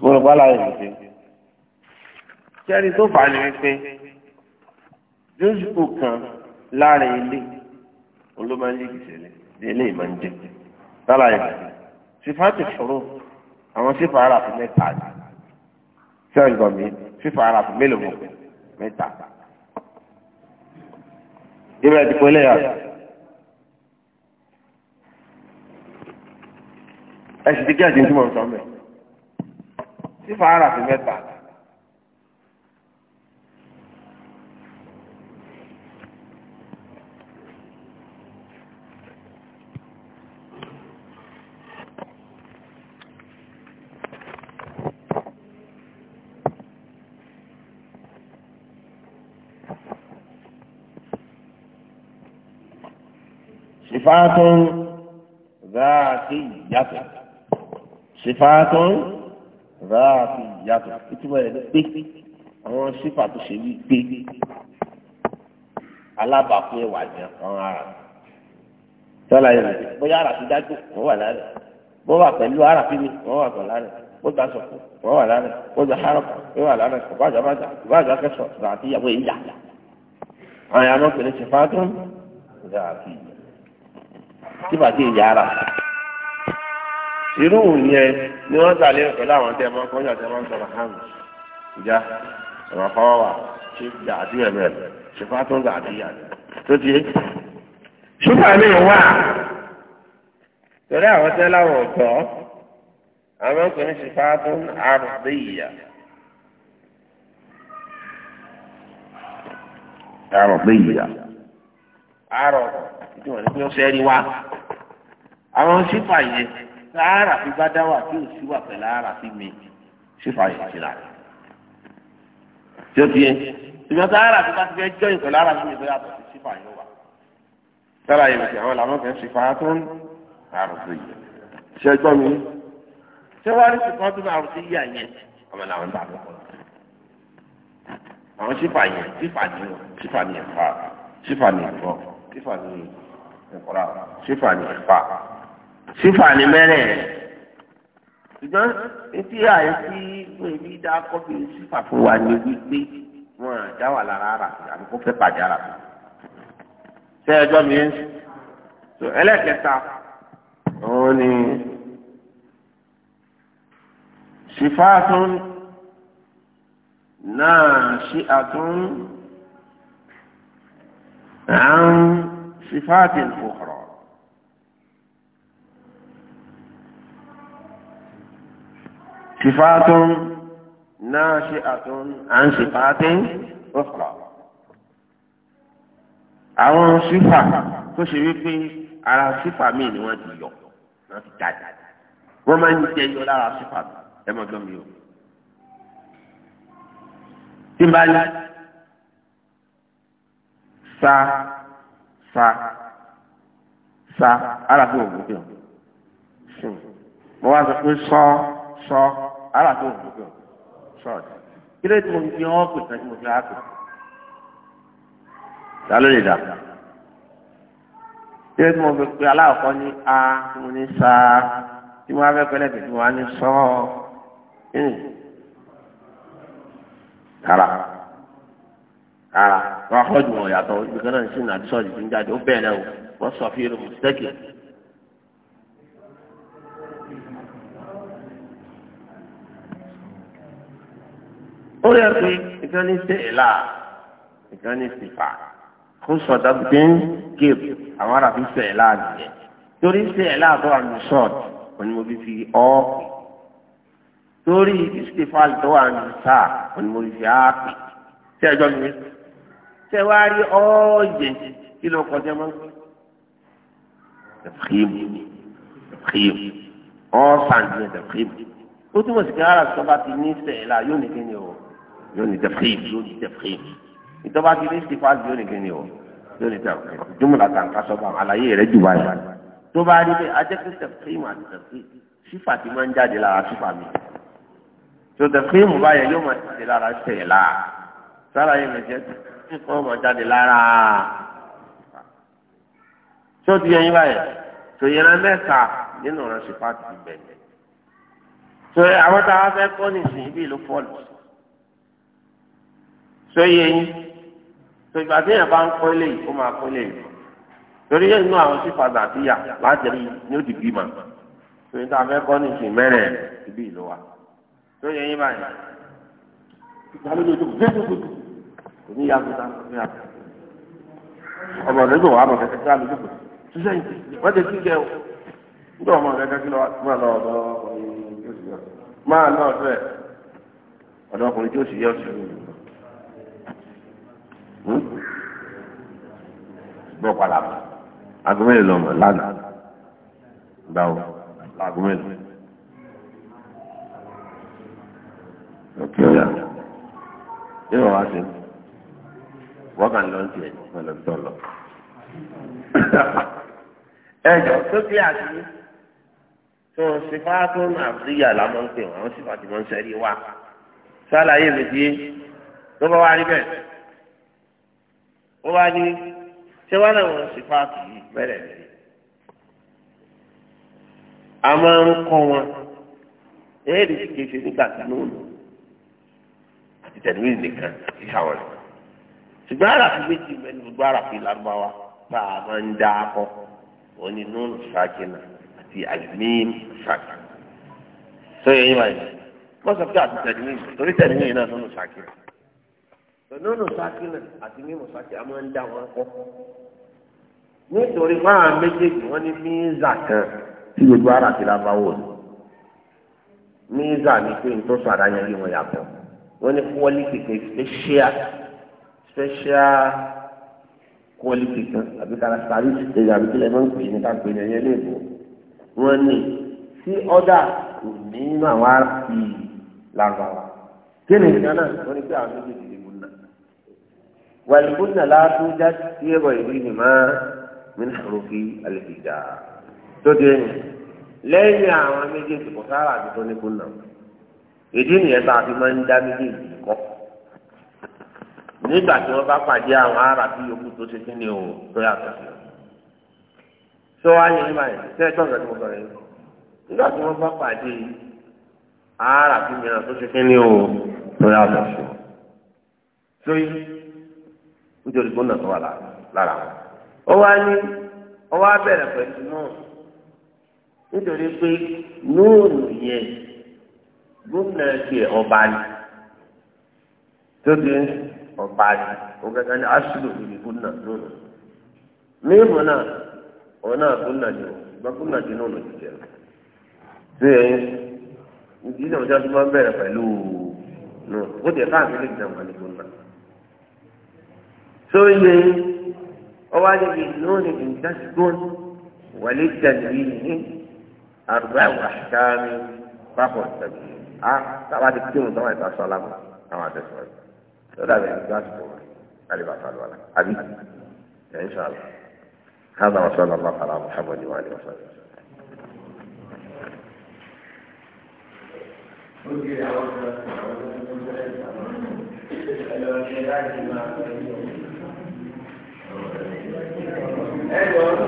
gbọ́dọ̀ bá láyé mi ṣe. sẹ́ni tó fà á ní wípé jósùkù kan lára ilé olómọ́lẹ́kì ṣẹlẹ̀ délé ìmọ̀ ń jẹ lálàyé mi ṣe. sífàtì ṣòro àwọn sífà ara fún mẹ́ta ni sẹ́yìn gbọ̀n mi sífà ara fún mélòó mọ̀ mẹ́ta. ìbẹ̀rẹ̀ ti pẹ́lẹ́ yàrá. ẹ̀sìn ti kí àti tí mo sọ mẹ́rin tí fàárà fi mẹ́ta. صفات ذاتية صفات ráàfin ìyàtọ̀ ìtumọ̀ rẹ̀ ni pé àwọn sífà tó ṣe wí pé alábàápín ẹwà ni àwọn ará sọlá yẹn lọ bóyá ará fi dájú wọn wà lálẹ́ bó wà pẹ̀lú ará fi mi wọn wà pẹ̀lú lálẹ́ bó da sọ̀kù wọn wà lálẹ́ bó da harapa wọn wà lálẹ́ kò bá jà bá jà kẹsọ̀ ràtí ìyàwó yìí yà àwọn yàrá pẹ̀lú sífà tó ń ràtí sífà tí ì irú yẹn ni wọ́n sàlẹ̀ pẹ̀lú àwọn tẹ́ máa kọjá tẹ́ máa ń hàn ìjà sọ̀rọ̀ kọwà ṣe gbà àti ẹmẹ ṣèfà tó ń gbà tó ti ṣùgbà mi wà torí àwọn tẹ́ láwọn ọ̀tọ̀ àwọn kò ní ṣèfà tó ń àrùbí ìyá. àròpé ìyá àrò rí wa àwọn sípà sáárà fi bá dá wà tí ò sí wà pẹ̀lú ara fi mi ṣífà yẹn ti rà tí ó ti yẹ ìgbà sáárà fi bá ti fẹ́ jọ́ ìpẹ̀lú ara fi mi tó yàtọ̀ sí ṣífà yẹn wà. sára yẹn ti àwọn làwọn kan ṣífà tó ń àròsọ yìí ṣe gbọ́ mi ṣé wàá rí ṣùgbọ́n tó bá àròsọ yìí àyẹn ọmọ làwọn bá lọ́kọ̀ọ́ àwọn sífà yẹn sífà ní sífà ní ẹ̀fà sífà ní ẹ̀fọ́ sífà ní ẹ̀kọ́ra sífà ní ẹ̀fà sífà ní mẹ́rẹ̀ ẹ̀ ṣùgbọ́n etí àyè tí èmi dá kọ́bí sífà fún wa ní wípé wọn àdá wà lára ara àbí kó fẹ́ pàdé ara fún ṣé ẹjọ́ mi ń sùn ẹlẹ́kẹta òun ni sífà tún náà ṣí àtún àrùn sífà tìǹkù. صفات ناشئة عن صفات أخرى àwọn sífà tó ṣe wípé ara sífà míì ni wọ́n ti yọ wọ́n ti jáde wọ́n máa ń jẹ yọ lára sífà ẹ mọ gbọmọ yìí o tí n bá ní sa sa sa ara fi wò wò ara tó wù pé ṣọ́ọ̀tì kí ló ti mo fi hàn pè kan tí mo fi hàn pè ta ló lè dà kí ló ti mo fi pe aláàkọ́ ní a tí mo ní sa tí mo fẹ́ pẹ́lẹ́ pẹ̀lú wa ní sọ́ọ́ rárá rárá wọn akọ́jú wọn yàtọ̀ ibi kan náà ń sìn àdúsọ̀dì tí ń jáde ó bẹ̀rẹ̀ o wọ́n sọ fí irun mùsítẹ́kì. ó yẹ pé ìkan ní sí ìlà ìkan ní sí fà kó sọ̀tà gbé ń gèp àwọn ará fi sọ ìlà nìyẹn torí sí ìlà tó wà ní sọ̀tù onímọ̀bí fi ọ́ pè torí ìsìtìfàlì tó wà ní sáà onímọ̀bí fi á pè tí ẹjọ́ mi tẹ wá rí ọ́ọ̀yẹ̀ kí ló kọjá máa ń pè tẹ̀fìmù tẹ̀fìmù ọ̀sán ó túmọ̀ sí kí ara sọ́ba ti ní sẹ́yìn la yóò ní kí ni o yóò ní tẹfíìmù yóò ní tẹfíìmù ìtọ́ba ti ní sífáàsì yóò ní kíni o yóò ní tẹfíìmù jùmùlà kan kásọ̀bà àlàyé rẹ̀ jù báyìí a bá rí bẹ́ẹ̀ ajẹ́kẹ́ tẹfíìmù àti tẹfíìmù sífà ti máa ń jáde lára sífà mi tó tẹfíìmù báyẹn yóò máa jáde lára tẹ̀ láà sára yẹn mẹ̀jẹ̀ tó máa jáde lára tó ti yẹn báyẹn tó yẹn mẹ́ta nínú ọ̀rọ̀ sífà ti bẹ̀rẹ̀ tó àwọn táwa fẹ́ kọ́ nìsín ibi ìlú fọ́ọ̀lù sí. sóyè yín sọgbà tí yẹn bá ń kọ́ ilé yìí ó máa kọ́ ilé yìí torí yẹn àwọn sí padà sí yà láti rí ní ó ma sóyè tá a fẹ́ kọ́ ní ibi ìlú wa yín báyìí tó kò ní yàgò tá a ti o nígbà ọmọ kẹkẹ kí máa lọ ọ̀dọ̀ ọkùnrin tí ó sì bọ́ padà mọ́ aago mélòó lọ mọ̀ lánàá gbàwó aago mélòó. òkè ọ̀yà yóò wá sí wọ́n kàn lọ tiẹ̀ pẹ̀lú tọ́lọ̀. ẹ jọ sókè àti tó sífàtò àbúríyà làwọn ń pè wọn àwọn sífàtò wọn ń sẹ́rí wá sálàyé mi ti tó bá wá rí bẹ́ẹ̀ ó wá ní ṣé wàá làwọn sífáàtì yìí bẹ̀rẹ̀ lè a máa ń kọ́ wọn ẹ̀ẹ́dì sì kéṣe nígbà kan ó lò àti tẹ̀lé nìkan ìṣàwọn rẹ̀ ṣùgbọ́n àràfi méjì mẹ́rin gbogbo àràfi lárúbáwá tá a máa ń dá akọ òní nùnú ṣáàkínà àti àlùmíìm ṣáàkínà sọ yẹn wáyé wọ́n sọ pé àti tẹ̀lé nìkan torí tẹ̀lé nìkan náà nùnú ṣáàkínà nùnú àti mímú ṣáàkínà a máa ń dá wọn kọ́ nítorí fáwọn méjèèjì wọ́n ní míízà kan tí gbogbo ara ti la bá wò ní míízà ni pé nítorí sọ àdáyẹn lé wọn yàtọ̀ wọ́n ní quality kan special special quality kan àbí characteristics ẹ̀yà àbí kílẹ̀ máa ń pè ní ká pè ní ẹ̀yẹ léèbó wọ́n ní sí ọ́dà kò ní máa wá sí i lárúbáwá kí ni ìyá náà wọ́n ní pé àwọn méjèèjì lè gbóná wàlúùkúnnà látúndá tí ẹ̀rọ ìlú ni máa min hurufi al-hijaa tó di ẹni lẹ́yìn àwọn méjèèjì kò sára àdúgbò ní kúnnà nígbà tí wọ́n bá pàdé àwọn ará bí yòókù tó ṣe kí ni o tó yàtọ̀ sí sọ wáyé ní báyìí sẹ́ẹ̀tọ̀ ọ̀gá tí mo sọ yẹn nígbà tí wọ́n bá pàdé ará bí mìíràn tó ṣe kí ni o tó yàtọ̀ sí sọ yìí nítorí gbọ́dọ̀ tó wà lára wọn. ó wá ní ó wá náà nítorí pé nóònù yẹn gómìnà ti ọba ni tó ọba ni òun kankan ní aṣílò gómìnà nóònù mímu náà òun náà gómìnà ni o gómìnà ti ti jẹ ìdí náà tó máa ń ó jẹ káàkiri ìjàmbá ni gómìnà. وواجب النون إن تسكن وللتنبيه أربع أحكام فهو التنبيه آه طبعا تكتبوا طبعا تصلب طبعا تسوي فلا بإنجاز طبعا هذه بطل ولا أبي إن شاء الله هذا وصلى الله على محمد وعلى وآله وصحبه وسلم.